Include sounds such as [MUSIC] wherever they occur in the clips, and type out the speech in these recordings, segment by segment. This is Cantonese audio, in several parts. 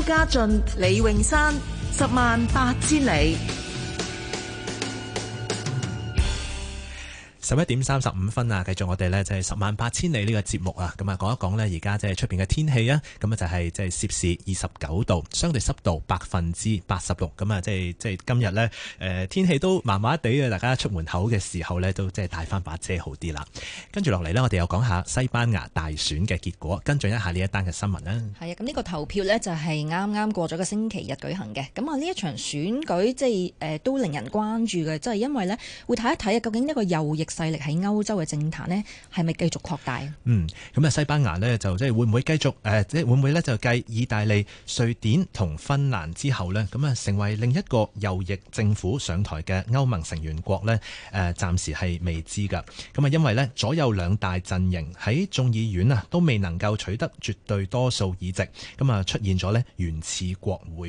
蘇家俊、李詠山，十萬八千里。十一點三十五分啊！繼續我哋呢就係十萬八千里呢個節目啊，咁啊講一講呢而家即係出邊嘅天氣啊，咁啊就係即係攝氏二十九度，相對濕度百分之八十六，咁啊即係即係今日呢，誒天氣都麻麻地嘅，大家出門口嘅時候呢，都即係帶翻把遮好啲啦。跟住落嚟呢，我哋又講下西班牙大選嘅結果，跟進一下呢一單嘅新聞啦。係啊，咁呢個投票呢，就係啱啱過咗個星期日舉行嘅，咁啊呢一場選舉即係誒都令人關注嘅，即係因為呢，會睇一睇啊，究竟一個右翼勢力喺歐洲嘅政壇呢，係咪繼續擴大？嗯，咁啊，西班牙呢，就即係會唔會繼續誒，即、呃、係會唔會呢？就繼意大利、瑞典同芬蘭之後呢，咁啊成為另一個右翼政府上台嘅歐盟成員國呢？誒，暫時係未知㗎。咁啊，因為呢，左右兩大陣營喺眾議院啊都未能夠取得絕對多數議席，咁啊出現咗呢，懸峙國會。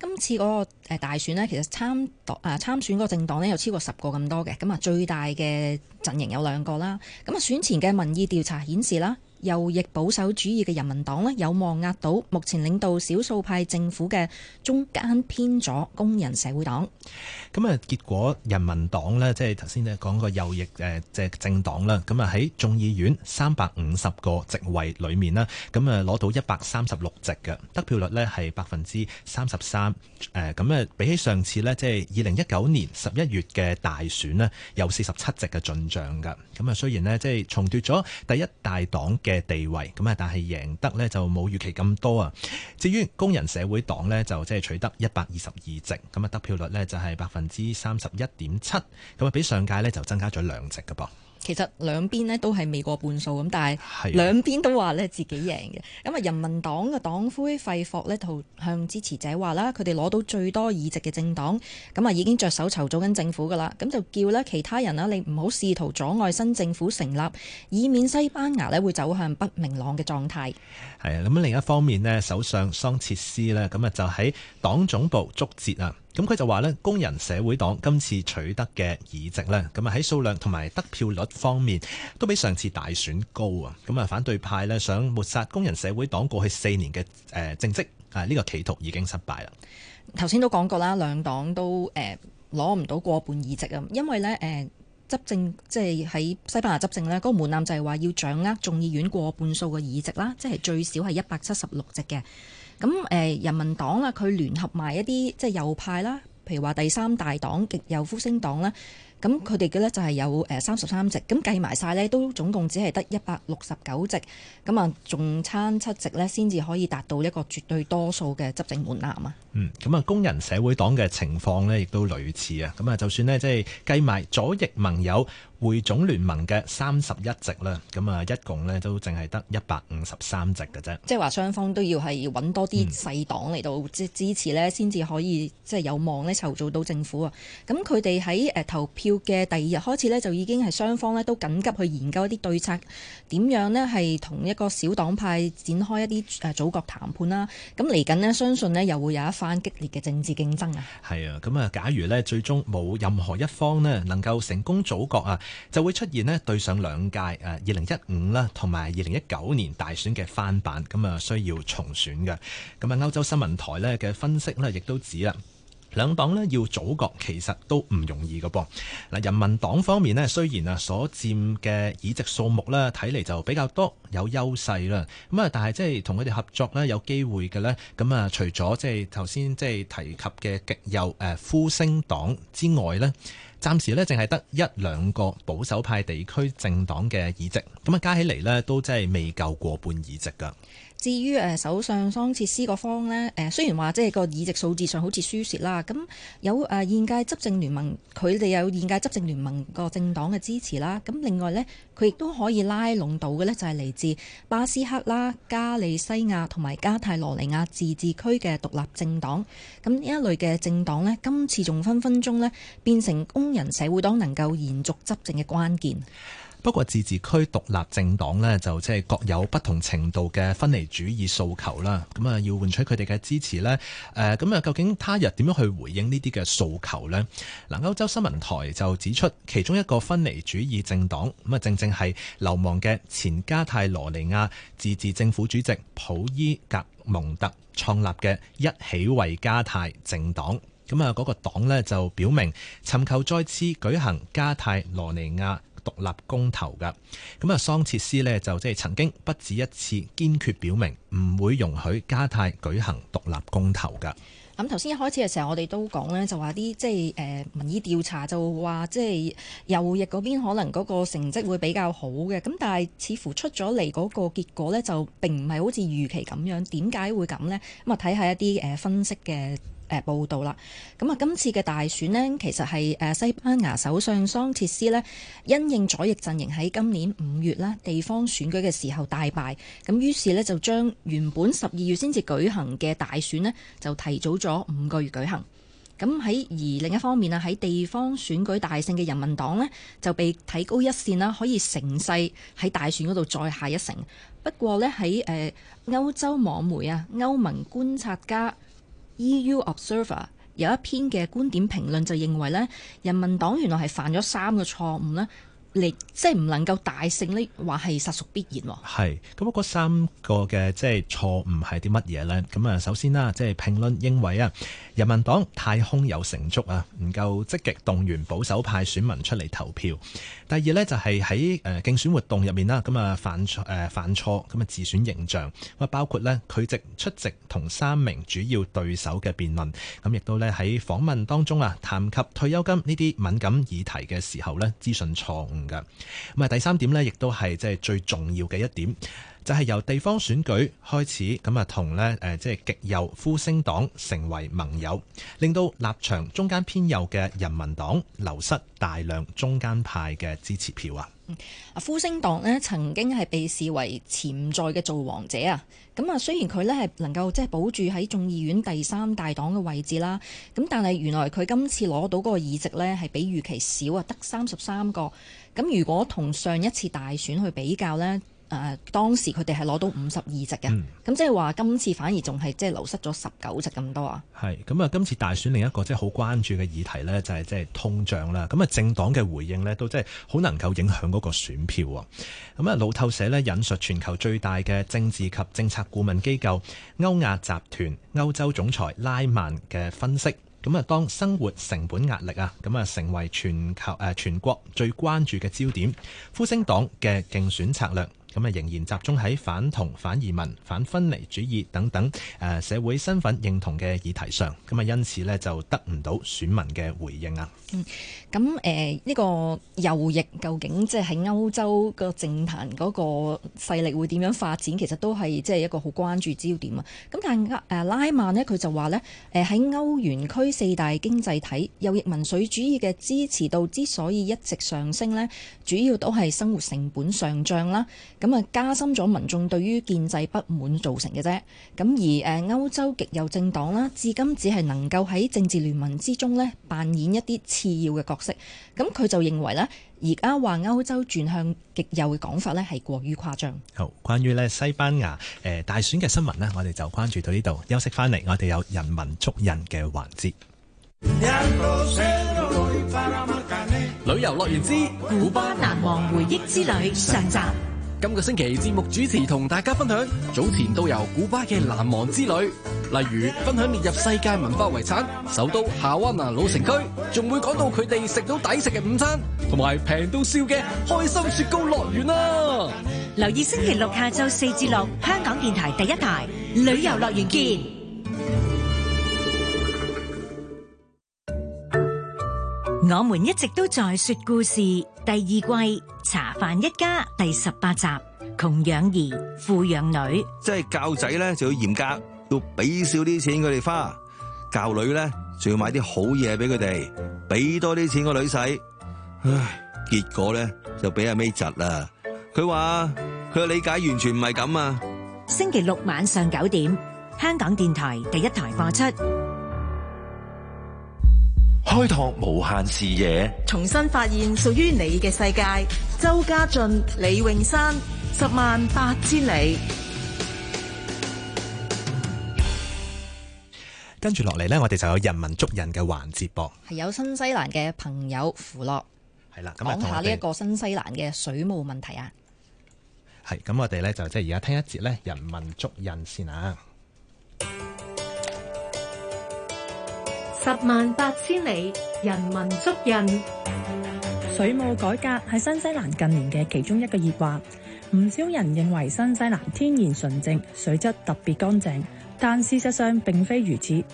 今次嗰個大選呢，其實參黨啊、呃、參選個政黨呢，有超過十個咁多嘅，咁啊最大嘅。嘅陣營有兩個啦，咁啊選前嘅民意調查顯示啦，右翼保守主義嘅人民黨咧，有望壓倒目前領導少數派政府嘅中間偏左工人社會黨。咁啊，結果人民黨呢，即係頭先咧講個右翼誒即係政黨啦。咁啊喺眾議院三百五十個席位裏面咧，咁啊攞到一百三十六席嘅得票率呢，係百分之三十三。誒咁啊，比起上次呢，即係二零一九年十一月嘅大選呢，有四十七席嘅進賬㗎。咁啊，雖然呢，即係重奪咗第一大黨嘅。嘅地位咁啊，但係贏得呢就冇預期咁多啊。至於工人社會黨呢，就即係取得一百二十二席，咁啊得票率呢就係百分之三十一點七，咁啊比上屆呢就增加咗兩席嘅噃。其實兩邊咧都係未過半數咁，但係兩邊都話咧自己贏嘅。咁啊，人民黨嘅黨魁費霍咧，就向支持者話啦：佢哋攞到最多議席嘅政黨，咁啊已經着手籌組緊政府噶啦。咁就叫咧其他人啦，你唔好試圖阻礙新政府成立，以免西班牙咧會走向不明朗嘅狀態。係啊，咁另一方面咧，首相桑切斯咧，咁啊就喺黨總部祝捷啊！咁佢就話呢，工人社會黨今次取得嘅議席呢，咁啊喺數量同埋得票率方面都比上次大選高啊！咁啊，反對派呢，想抹殺工人社會黨過去四年嘅政績啊，呢個企圖已經失敗啦。頭先都講過啦，兩黨都呃、攞唔到過半議席啊，因為呢、呃、執政即係喺西班牙執政呢，嗰個門檻就係話要掌握眾議院過半數嘅議席啦，即係最少係一百七十六席嘅。咁誒人民黨啦，佢聯合埋一啲即係右派啦，譬如話第三大黨極右呼聲黨啦，咁佢哋嘅呢就係有誒三十三席，咁計埋晒呢都總共只係得一百六十九席，咁啊仲差七席呢先至可以達到一個絕對多數嘅執政門檻啊。嗯，咁啊工人社會黨嘅情況呢亦都類似啊，咁啊就算呢，即係計埋左翼盟友會總聯盟嘅三十一席啦，咁啊，一共呢都淨係得一百五十三席嘅啫。即係話雙方都要係揾多啲細黨嚟到即支持呢先至可以即係有望呢籌造到政府啊。咁佢哋喺誒投票嘅第二日開始呢，就已經係雙方呢都緊急去研究一啲對策，點樣呢係同一個小黨派展開一啲誒組閣談判啦。咁嚟緊呢，相信呢又會有一番激烈嘅政治競爭啊。係啊，咁啊，假如呢，最終冇任何一方呢能夠成功組閣啊，就會出現咧對上兩屆誒二零一五啦同埋二零一九年大選嘅翻版，咁啊需要重選嘅。咁啊，歐洲新聞台咧嘅分析呢，亦都指啊兩黨呢要組閣其實都唔容易嘅噃。嗱，人民黨方面呢，雖然啊所佔嘅議席數目呢睇嚟就比較多有優勢啦，咁啊但係即係同佢哋合作呢，有機會嘅呢咁啊除咗即係頭先即係提及嘅極右誒呼聲黨之外呢。暫時咧，淨係得一兩個保守派地區政黨嘅議席，咁啊加起嚟咧，都即係未夠過半議席㗎。至於誒首相桑切斯嗰方咧，誒、呃、雖然話即係個議席數字上好似輸蝕啦，咁有誒、呃、現屆執政聯盟，佢哋有現屆執政聯盟個政黨嘅支持啦，咁另外呢。佢亦都可以拉攏到嘅呢就係嚟自巴斯克啦、加利西亞同埋加泰羅尼亞自治區嘅獨立政黨，咁呢一類嘅政黨呢，今次仲分分鐘呢變成工人社會黨能夠延續執政嘅關鍵。不過，自治區獨立政黨呢，就即係各有不同程度嘅分離主義訴求啦。咁啊，要換取佢哋嘅支持呢？誒，咁啊，究竟他日點樣去回應呢啲嘅訴求呢？嗱，歐洲新聞台就指出，其中一個分離主義政黨咁啊，正正係流亡嘅前加泰羅尼亞自治政府主席普伊格蒙特創立嘅一起為加泰政黨。咁啊，嗰個黨呢，就表明尋求再次舉行加泰羅尼亞獨立公投嘅。咁啊，桑切斯呢，就即係曾經不止一次堅決表明唔會容許加泰舉行獨立公投噶。咁頭先一開始嘅時候，我哋都講咧，就話啲即係誒民意調查就話即係右翼嗰邊可能嗰個成績會比較好嘅。咁但係似乎出咗嚟嗰個結果咧，就並唔係好似預期咁樣。點解會咁咧？咁啊睇下一啲誒分析嘅。誒報道啦，咁啊，今次嘅大選呢，其實係誒西班牙首相桑切斯呢，因應左翼陣營喺今年五月啦地方選舉嘅時候大敗，咁於是呢，就將原本十二月先至舉行嘅大選呢，就提早咗五個月舉行。咁喺而另一方面啊，喺地方選舉大勝嘅人民黨呢，就被睇高一線啦，可以乘勢喺大選嗰度再下一城。不過呢，喺呃，歐洲網媒啊，歐盟觀察家。EU Observer 有一篇嘅觀點評論就認為咧，人民黨原來係犯咗三個錯誤咧。你即係唔能夠大勝話係實屬必然喎。係咁，嗰三個嘅即係錯誤係啲乜嘢呢？咁啊，首先啦，即係評論認為啊，人民黨太胸有成竹啊，唔夠積極動員保守派選民出嚟投票。第二呢，就係喺誒競選活動入面啦，咁啊犯誒犯錯咁啊自損形象。咁啊包括呢，拒絕出席同三名主要對手嘅辯論，咁亦都呢，喺訪問當中啊談及退休金呢啲敏感議題嘅時候呢，資訊錯誤。咁啊，第三點咧，亦都係即係最重要嘅一點，就係由地方選舉開始咁啊，同咧誒，即係極右呼聲黨成為盟友，令到立場中間偏右嘅人民黨流失大量中間派嘅支持票啊。啊！呼聲黨呢曾經係被視為潛在嘅造王者啊！咁啊，雖然佢呢係能夠即係保住喺眾議院第三大黨嘅位置啦，咁但係原來佢今次攞到嗰個議席呢係比預期少啊，得三十三個。咁如果同上一次大選去比較呢？誒當時佢哋係攞到五十二席嘅，咁、嗯、即係話今次反而仲係即係流失咗十九席咁多啊。係咁啊！今次大選另一個即係好關注嘅議題呢，就係即係通脹啦。咁啊，政黨嘅回應呢，都即係好能夠影響嗰個選票啊。咁啊，路透社呢，引述全球最大嘅政治及政策顧問機構歐亞集團歐洲總裁拉曼嘅分析，咁啊，當生活成本壓力啊，咁啊成為全球誒全國最關注嘅焦點，呼聲黨嘅競選策略。咁啊，仍然集中喺反同、反移民、反分離主義等等誒社會身份認同嘅議題上，咁啊，因此咧就得唔到選民嘅回應啊。嗯，咁誒，呢、呃呢個右翼究竟即係喺歐洲個政壇嗰個勢力會點樣發展？其實都係即係一個好關注的焦點啊。咁但係誒拉曼咧，佢就話咧誒，喺、呃、歐元區四大經濟體右翼民粹主義嘅支持度之所以一直上升咧，主要都係生活成本上漲啦。咁啊，加深咗民眾對於建制不滿造成嘅啫。咁而誒歐洲極右政黨啦，至今只係能夠喺政治聯盟之中呢，扮演一啲次要嘅角色。咁佢就認為呢，而家話歐洲轉向極右嘅講法呢，係過於誇張。好，關於呢西班牙誒大選嘅新聞呢，我哋就關注到呢度，休息翻嚟，我哋有人文足印嘅環節。旅遊樂園之古巴難忘回憶之旅上集。今個星期節目主持同大家分享，早前到遊古巴嘅難忘之旅，例如分享列入世界文化遺產首都夏灣拿老城區，仲會講到佢哋食到抵食嘅午餐，同埋平到笑嘅開心雪糕樂園啦！留意星期六下晝四至六，香港電台第一台旅遊樂園見。我們一直都在說故事第二季《茶飯一家》第十八集，窮養兒，富養女，即係教仔咧就要嚴格，要俾少啲錢佢哋花；教女咧，就要買啲好嘢俾佢哋，俾多啲錢個女使。唉，結果咧就俾阿 May 窒啦。佢話佢嘅理解完全唔係咁啊！星期六晚上九點，香港電台第一台播出。開拓無限視野，重新發現屬於你嘅世界。周家俊、李詠山，十萬八千里。跟住落嚟，呢，我哋就有人文足印嘅環節噃。係有新西蘭嘅朋友符樂，係啦，講、嗯、下呢一個新西蘭嘅水務問題啊。係咁，我哋呢，就即係而家聽一節呢，人文足印先啊。十萬八千里，人文足印。水務改革係新西蘭近年嘅其中一個熱話。唔少人認為新西蘭天然純淨，水質特別乾淨，但事實上並非如此。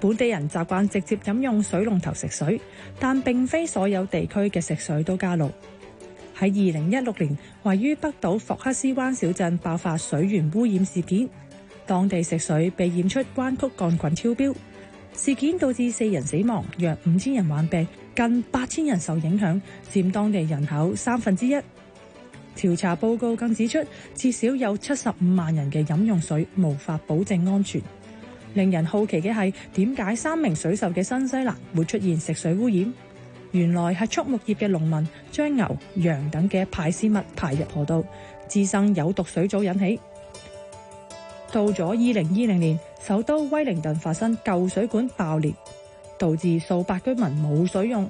本地人習慣直接飲用水龍頭食水，但並非所有地區嘅食水都加氯。喺二零一六年，位於北島霍克斯灣小鎮爆發水源污染事件，當地食水被染出彎曲桿菌超標。事件導致四人死亡，約五千人患病，近八千人受影響，佔當地人口三分之一。調查報告更指出，至少有七十五萬人嘅飲用水無法保證安全。令人好奇嘅係，點解山明水秀嘅新西蘭會出現食水污染？原來係畜牧業嘅農民將牛、羊等嘅排泄物排入河道，滋生有毒水藻引起。到咗二零二零年，首都威靈頓發生舊水管爆裂，導致數百居民冇水用。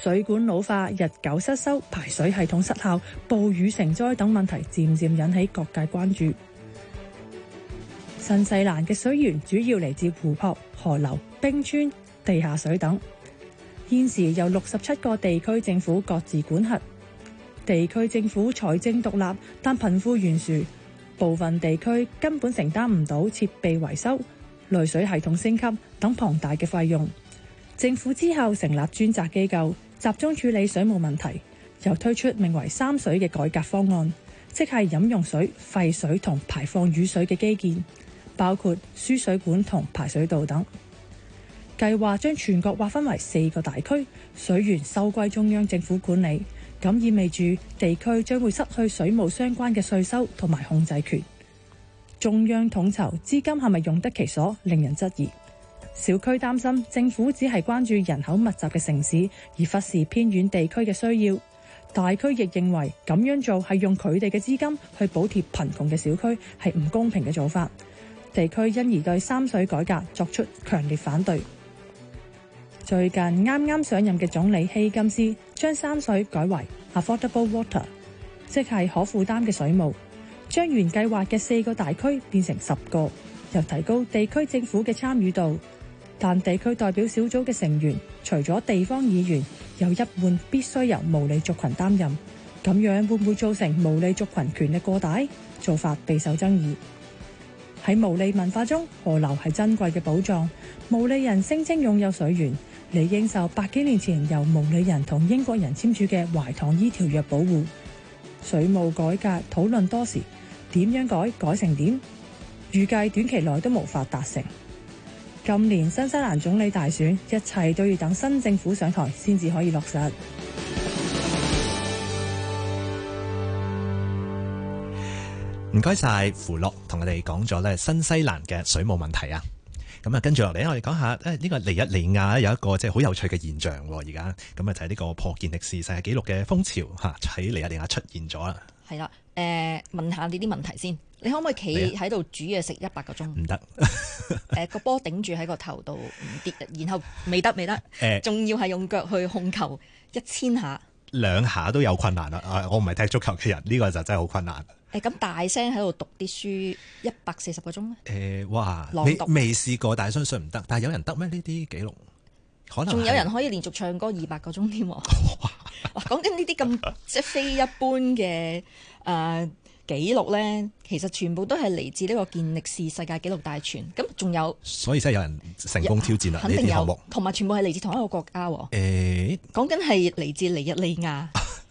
水管老化、日久失修、排水系統失效、暴雨成災等問題，漸漸引起各界關注。新西蘭嘅水源主要嚟自湖泊、河流、冰川、地下水等，現時由六十七個地區政府各自管轄。地區政府財政獨立，但貧富懸殊。部分地區根本承擔唔到設備維修、濾水系統升級等龐大嘅費用。政府之後成立專責機構，集中處理水務問題，又推出名為三水嘅改革方案，即係飲用水、廢水同排放雨水嘅基建，包括輸水管同排水道等。計劃將全國劃分為四個大區，水源收歸中央政府管理。咁意味住地區將會失去水務相關嘅稅收同埋控制權，中央統籌資金係咪用得其所，令人質疑。小區擔心政府只係關注人口密集嘅城市，而忽視偏遠地區嘅需要。大區亦認為咁樣做係用佢哋嘅資金去補貼貧窮嘅小區，係唔公平嘅做法。地區因而對三水改革作出強烈反對。最近啱啱上任嘅總理希金斯將三水改為 affordable water，即係可負擔嘅水務，將原計劃嘅四個大區變成十個，又提高地區政府嘅參與度。但地區代表小組嘅成員除咗地方議員，有一半必須由毛利族群擔任，咁樣會唔會造成毛利族群權力過大？做法備受爭議。喺毛利文化中，河流係珍貴嘅寶藏，毛利人聲稱擁有水源。你應受百幾年前由毛里人同英國人簽署嘅《懷唐伊條約》保護。水務改革討論多時，點樣改？改成點？預計短期內都無法達成。今年新西蘭總理大選，一切都要等新政府上台先至可以落實。唔該晒，符樂同我哋講咗咧新西蘭嘅水務問題啊。咁啊，跟住落嚟，我哋講下，誒，呢個尼日利亞有一個即係好有趣嘅現象，而家咁啊，就係呢個破健力士、世界紀錄嘅風潮吓喺尼日利亞出現咗啦。係啦，誒、呃，問下呢啲問題先，你可唔可以企喺度煮嘢食一百個鐘？唔得，誒、呃，個波頂住喺個頭度唔跌，然後未得未得，誒，仲要係用腳去控球一千下。兩下都有困難啦！啊，我唔係踢足球嘅人，呢、這個就真係好困難。誒、欸，咁大聲喺度讀啲書一百四十個鐘咩？誒、欸，哇！你未試過，但係相信唔得。但係有人得咩？呢啲紀錄可能仲有人可以連續唱歌二百個鐘添。哇！講緊呢啲咁即係非一般嘅。誒。呃紀錄咧，其實全部都係嚟自呢個健力士世界紀錄大全。咁仲有，所以真係有人成功挑戰啦呢啲項目，同埋全部係嚟自同一個國家。誒、欸，講緊係嚟自尼日利亞。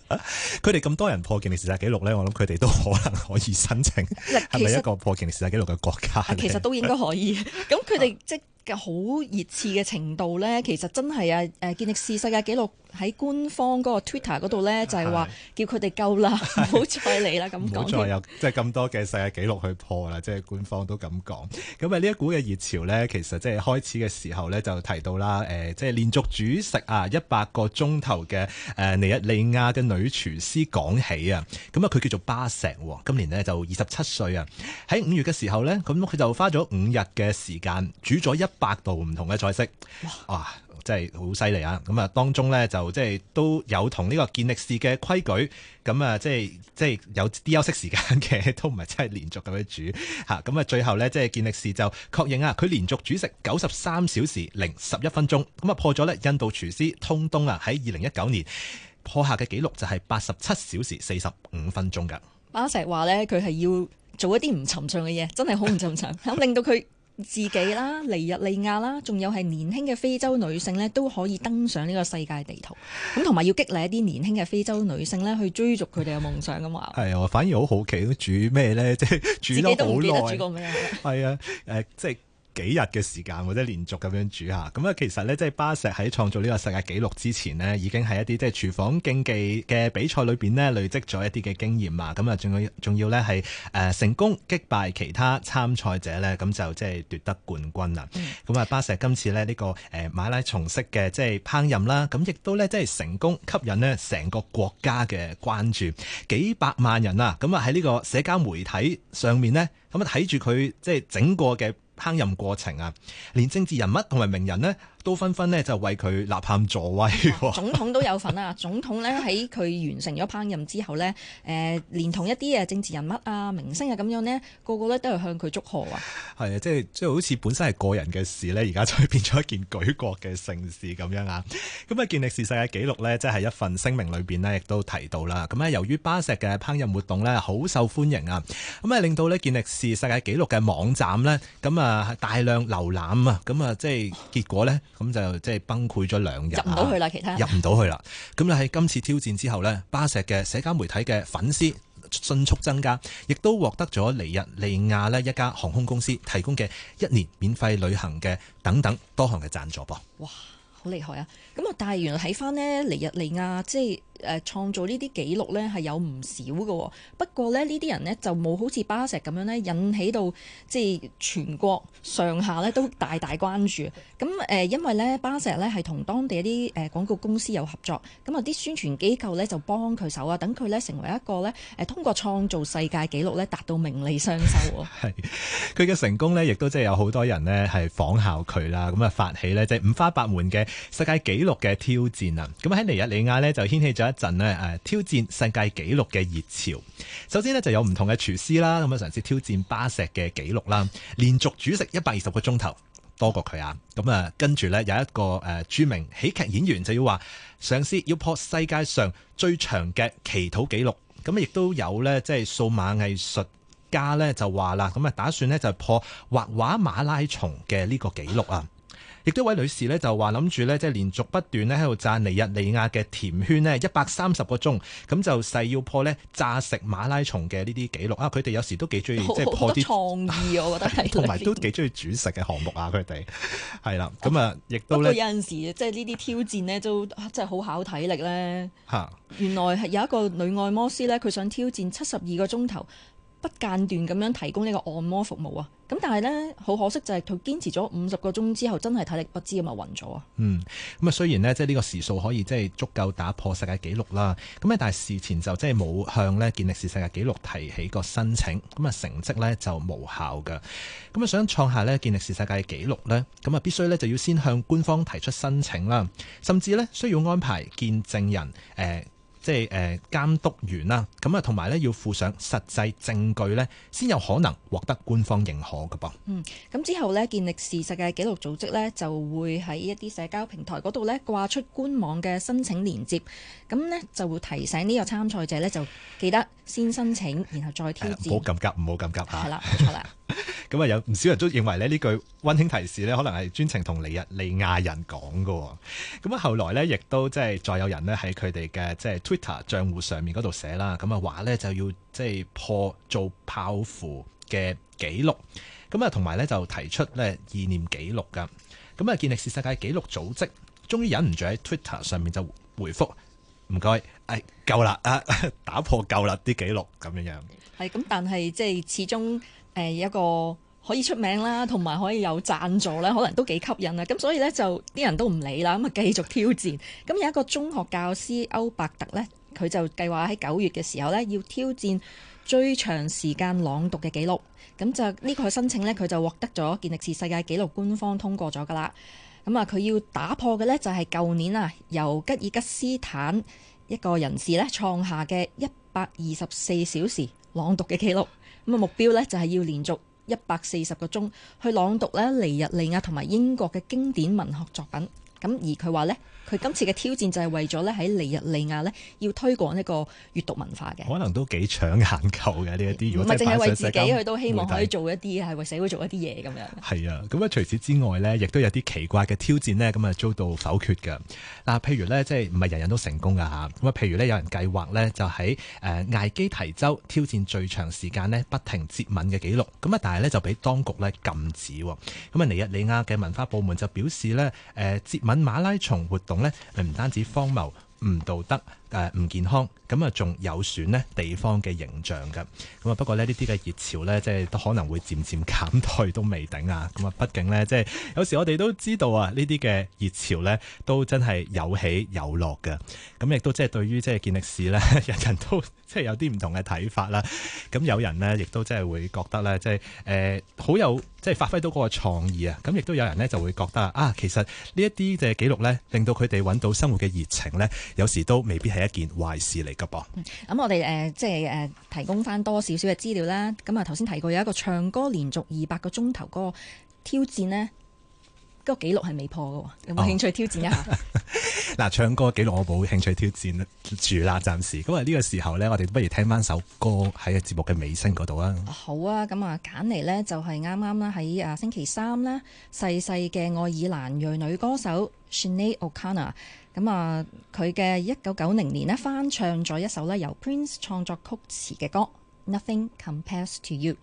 佢哋咁多人破健力士世界紀錄咧，我諗佢哋都可能可以申請。係咪一個破健力士世界紀錄嘅國家其，其實都應該可以。咁佢哋即係好熱刺嘅程度咧，其實真係啊誒健力士世界紀錄。喺官方嗰個 Twitter 嗰度咧，就係話叫佢哋夠啦，唔好再嚟啦咁講。冇錯，又即係咁多嘅世界紀錄去破啦，即 [LAUGHS] 係官方都咁講。咁啊呢一股嘅熱潮咧，其實即係開始嘅時候咧，就提到啦，即、呃、係、就是、連續煮食啊一百個鐘頭嘅誒尼日利亞嘅女廚師講起啊，咁啊佢叫做巴石，今年咧就二十七歲啊。喺五月嘅時候咧，咁佢就花咗五日嘅時間煮咗一百道唔同嘅菜式。哇！啊即係好犀利啊！咁啊，當中呢，就即係都有同呢個健力士嘅規矩，咁啊，即係即係有啲休息時間嘅，都唔係真係連續咁樣煮吓。咁啊，最後呢，即係健力士就確認啊，佢連續煮食九十三小時零十一分鐘，咁啊破咗呢印度廚師通東啊喺二零一九年破下嘅紀錄就係八十七小時四十五分鐘㗎。巴石話呢，佢係要做一啲唔尋常嘅嘢，真係好唔尋常咁 [LAUGHS] 令到佢。自己啦，尼日利亞啦，仲有係年輕嘅非洲女性咧，都可以登上呢個世界地圖。咁同埋要激勵一啲年輕嘅非洲女性咧，去追逐佢哋嘅夢想咁嘛係啊、哎，反而好好奇煮咩咧？即 [LAUGHS] 係煮得好耐。自己都唔記得煮過咩係 [LAUGHS] 啊，呃、即係。幾日嘅時間，或者連續咁樣煮下，咁啊，其實咧即係巴石喺創造呢個世界紀錄之前呢，已經係一啲即係廚房競技嘅比賽裏邊呢，累積咗一啲嘅經驗啊。咁啊，仲要仲要咧係誒成功擊敗其他參賽者咧，咁就即係奪得冠軍啦。咁、嗯、啊，巴石今次咧呢個誒馬拉松式嘅即係烹飪啦，咁亦都咧即係成功吸引呢成個國家嘅關注，幾百萬人啊，咁啊喺呢個社交媒體上面呢，咁啊睇住佢即係整個嘅。烹飪過程啊，連政治人物同埋名人咧，都紛紛呢，就為佢吶喊助威，啊，總統都有份啊， [LAUGHS] 總統呢，喺佢完成咗烹飪之後呢，誒 [LAUGHS] 連同一啲嘅政治人物啊、明星啊咁樣呢，個個呢都係向佢祝賀啊。係啊，即係即係好似本身係個人嘅事呢，而家就變咗一件舉國嘅盛事咁樣啊。咁啊，健力士世界紀錄呢，即係一份聲明裏邊呢，亦都提到啦。咁啊，由於巴石嘅烹飪活動呢，好受歡迎啊，咁啊令到呢，健力士世界紀錄嘅網站呢，咁啊大量瀏覽啊，咁啊即係結果呢。咁就即係崩潰咗兩日，入唔到去啦，其他入唔到去啦。咁啊喺今次挑戰之後呢，巴石嘅社交媒體嘅粉絲迅速增加，亦都獲得咗尼日利亞呢一家航空公司提供嘅一年免費旅行嘅等等多項嘅贊助噃。哇，好厲害啊！咁啊，但係原來睇翻呢尼日利亞即係。誒創造呢啲紀錄呢係有唔少嘅，不過呢呢啲人呢就冇好似巴石咁樣呢引起到即係全國上下呢都大大關注。咁誒，因為呢，巴石呢係同當地啲誒廣告公司有合作，咁啊啲宣傳機構呢就幫佢手啊，等佢呢成為一個呢，誒通過創造世界紀錄呢達到名利雙收。係佢嘅成功呢亦都即係有好多人呢係仿效佢啦，咁啊發起呢，即係五花八門嘅世界紀錄嘅挑戰啊！咁喺尼日利亞呢，就掀起咗，一陣咧，誒挑戰世界紀錄嘅熱潮。首先就有唔同嘅廚師啦，咁啊嘗試挑戰巴石嘅紀錄啦，連續煮食一百二十個鐘頭多過佢啊。咁啊，跟住呢，有一個誒著名喜劇演員就要話嘗試要破世界上最長嘅祈禱紀錄。咁亦都有咧，即係數碼藝術家呢就話啦，咁啊打算就破畫畫馬拉松嘅呢個紀錄啊。亦都位女士咧就話諗住咧即係連續不斷咧喺度炸尼日利亞嘅甜圈呢一百三十個鐘，咁就誓要破咧炸食馬拉松嘅呢啲紀錄啊！佢哋有時都幾中意即係破啲創意，我覺得係同埋都幾中意煮食嘅項目啊！佢哋係啦，咁啊亦、啊、都呢有陣時即係呢啲挑戰呢都即係好考體力咧吓、啊。原來係有一個女按摩師咧，佢想挑戰七十二個鐘頭。不間斷咁樣提供呢個按摩服務啊！咁但係呢，好可惜就係佢堅持咗五十個鐘之後，真係體力不支咁啊，暈咗啊！嗯，咁啊，雖然呢，即係呢個時數可以即係足夠打破世界紀錄啦，咁啊，但係事前就即係冇向呢《健力士世界紀錄》提起過申請，咁啊，成績呢就無效㗎。咁啊，想創下呢健力士世界紀錄呢，咁啊，必須呢就要先向官方提出申請啦，甚至呢需要安排見證人誒。呃即係監監督員啦，咁啊，同埋咧要附上實際證據咧，先有可能獲得官方認可噶噃。嗯，咁之後咧，建立事實嘅紀錄組織咧，就會喺一啲社交平台嗰度咧掛出官網嘅申請鏈接，咁咧就會提醒這個參賽呢個參賽者咧就記得先申請，然後再挑戰。唔好咁急，唔好咁急吓，係 [LAUGHS] 啦，唔錯啦。咁啊，有唔少人都認為咧呢句溫馨提示咧，可能係專程同尼日利亞人講噶。咁啊，後來咧亦都即係再有人咧喺佢哋嘅即係 Twitter 賬戶上面嗰度寫啦。咁啊，話咧就要即係破做泡芙嘅紀錄。咁啊，同埋咧就提出咧意念紀錄噶。咁啊，健力士世界紀錄組織終於忍唔住喺 Twitter 上面就回覆：唔該，誒、哎，夠啦，啊，打破夠啦啲紀錄咁樣樣。係咁，但係即係始終。係一個可以出名啦，同埋可以有贊助啦，可能都幾吸引啊！咁所以呢，就啲人都唔理啦，咁啊繼續挑戰。咁有一個中學教師歐伯特呢，佢就計劃喺九月嘅時候呢，要挑戰最長時間朗讀嘅記錄。咁就呢個申請呢，佢就獲得咗健力士世界紀錄官方通過咗噶啦。咁啊，佢要打破嘅呢，就係舊年啊，由吉爾吉斯坦一個人士呢創下嘅一百二十四小時朗讀嘅記錄。咁啊！目標咧就係要連續一百四十個鐘去朗讀咧尼日利亞同埋英國嘅經典文學作品。咁而佢話咧。佢 [LAUGHS] 今次嘅挑戰就係為咗咧喺尼日利亞咧要推廣一個閱讀文化嘅，可能都幾搶眼球嘅呢一啲。唔係淨係為自己，佢都希望可以做一啲係為社會做一啲嘢咁樣。係啊，咁啊除此之外呢，亦都有啲奇怪嘅挑戰呢，咁啊遭到否決㗎。嗱、啊，譬如呢，即係唔係人人都成功㗎吓。咁啊，譬如咧有人計劃呢，就喺誒埃基提州挑戰最長時間呢，不停接吻嘅紀錄。咁啊，但係呢，就俾當局呢禁止喎。咁啊，尼日利亞嘅文化部門就表示呢，誒接吻馬拉松活動。咧，你唔單止荒謬，唔道德。誒、呃，唔健康，咁啊仲有損呢地方嘅形象噶。咁啊，不過咧，呢啲嘅熱潮呢，即係都可能會漸漸減退，都未定啊。咁啊，畢竟呢，即係有時我哋都知道啊，呢啲嘅熱潮呢都真係有起有落噶。咁亦都即係對於即係健力士呢，人人都即係有啲唔同嘅睇法啦。咁有人呢，亦都即係會覺得呢，即係誒，好有即係發揮到嗰個創意啊。咁亦都有人呢就會覺得啊，其實呢一啲嘅記錄呢，令到佢哋揾到生活嘅熱情呢，有時都未必係。係一件壞事嚟㗎噃。咁、嗯、我哋誒、呃、即係誒、呃、提供翻多少少嘅資料啦。咁啊頭先提過有一個唱歌連續二百個鐘頭嗰個挑戰咧，嗰、那個記錄係未破嘅喎，有冇興趣挑戰一下？嗱、oh. [LAUGHS] 唱歌記錄我冇興趣挑戰住啦，暫時。咁啊，呢個時候呢，我哋不如聽翻首歌喺個節目嘅尾聲嗰度啊。好啊，咁啊，揀嚟呢，就係啱啱啦，喺誒星期三啦，細細嘅愛爾蘭裔女歌手 Sinéad O'Connor，咁啊，佢嘅一九九零年呢，翻唱咗一首咧由 Prince 創作曲詞嘅歌《Nothing Compares To You》。